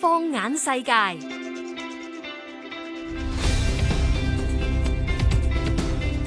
放眼世界，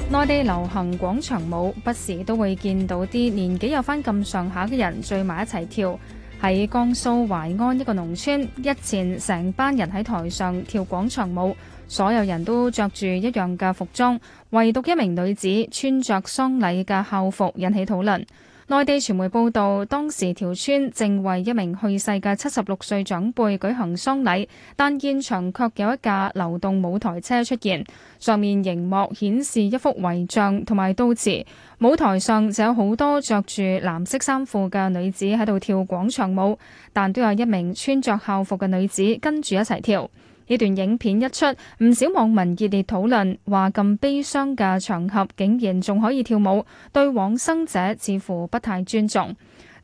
內地流行廣場舞，不時都會見到啲年紀有翻咁上下嘅人聚埋一齊跳。喺江蘇淮安一個農村，日前成班人喺台上跳廣場舞，所有人都着住一樣嘅服裝，唯獨一名女子穿着喪禮嘅孝服，引起討論。內地傳媒報道，當時條村正為一名去世嘅七十六歲長輩舉行喪禮，但現場卻有一架流動舞台車出現，上面熒幕顯示一幅遺像同埋悼詞，舞台上就有好多着住藍色衫褲嘅女子喺度跳廣場舞，但都有一名穿著孝服嘅女子跟住一齊跳。呢段影片一出，唔少網民熱烈討論，話咁悲傷嘅場合竟然仲可以跳舞，對往生者似乎不太尊重。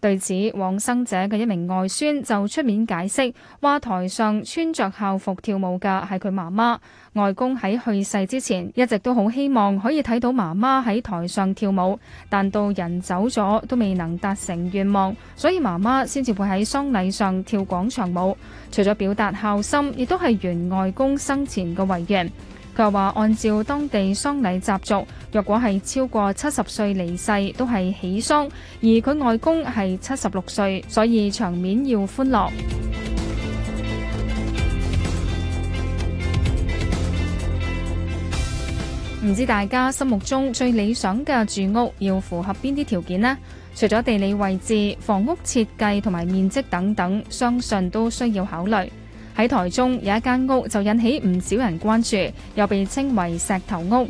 對此，往生者嘅一名外孫就出面解釋，話台上穿着孝服跳舞嘅係佢媽媽。外公喺去世之前一直都好希望可以睇到媽媽喺台上跳舞，但到人走咗都未能達成願望，所以媽媽先至會喺喪禮上跳廣場舞，除咗表達孝心，亦都係原外公生前嘅遺願。佢話：按照當地喪禮習俗，若果係超過七十歲離世，都係喜喪；而佢外公係七十六歲，所以場面要歡樂。唔 知大家心目中最理想嘅住屋要符合邊啲條件呢？除咗地理位置、房屋設計同埋面積等等，相信都需要考慮。喺台中有一間屋就引起唔少人關注，又被稱為石頭屋。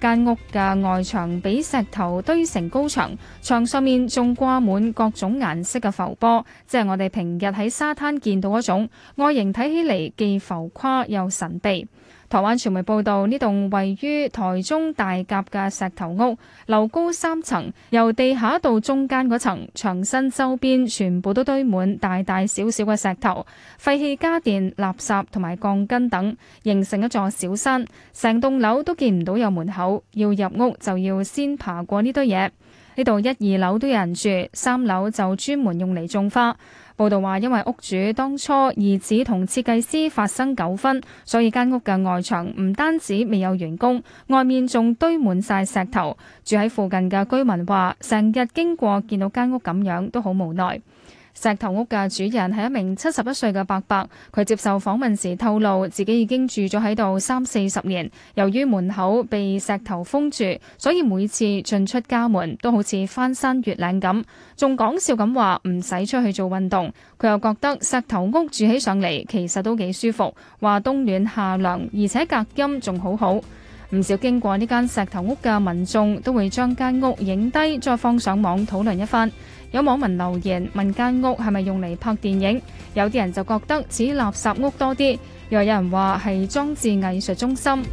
間屋嘅外牆俾石頭堆成高牆，牆上面仲掛滿各種顏色嘅浮波，即係我哋平日喺沙灘見到嗰種，外形睇起嚟既浮誇又神秘。台灣傳媒報道，呢棟位於台中大甲嘅石頭屋，樓高三層，由地下到中間嗰層，牆身周邊全部都堆滿大大小小嘅石頭、廢棄家電、垃圾同埋鋼筋等，形成一座小山。成棟樓都見唔到有門口，要入屋就要先爬過呢堆嘢。呢度一二樓都有人住，三樓就專門用嚟種花。報道話，因為屋主當初兒子同設計師發生糾紛，所以間屋嘅外牆唔單止未有完工，外面仲堆滿晒石頭。住喺附近嘅居民話，成日經過見到間屋咁樣都好無奈。石頭屋嘅主人係一名七十一歲嘅伯伯，佢接受訪問時透露，自己已經住咗喺度三四十年。由於門口被石頭封住，所以每次進出家門都好似翻山越嶺咁。仲講笑咁話唔使出去做運動。佢又覺得石頭屋住起上嚟其實都幾舒服，話冬暖夏涼，而且隔音仲好好。唔少經過呢間石頭屋嘅民眾都會將間屋影低，再放上網討論一番。有網民留言問間屋係咪用嚟拍電影，有啲人就覺得似垃圾屋多啲，又有人話係裝置藝術中心。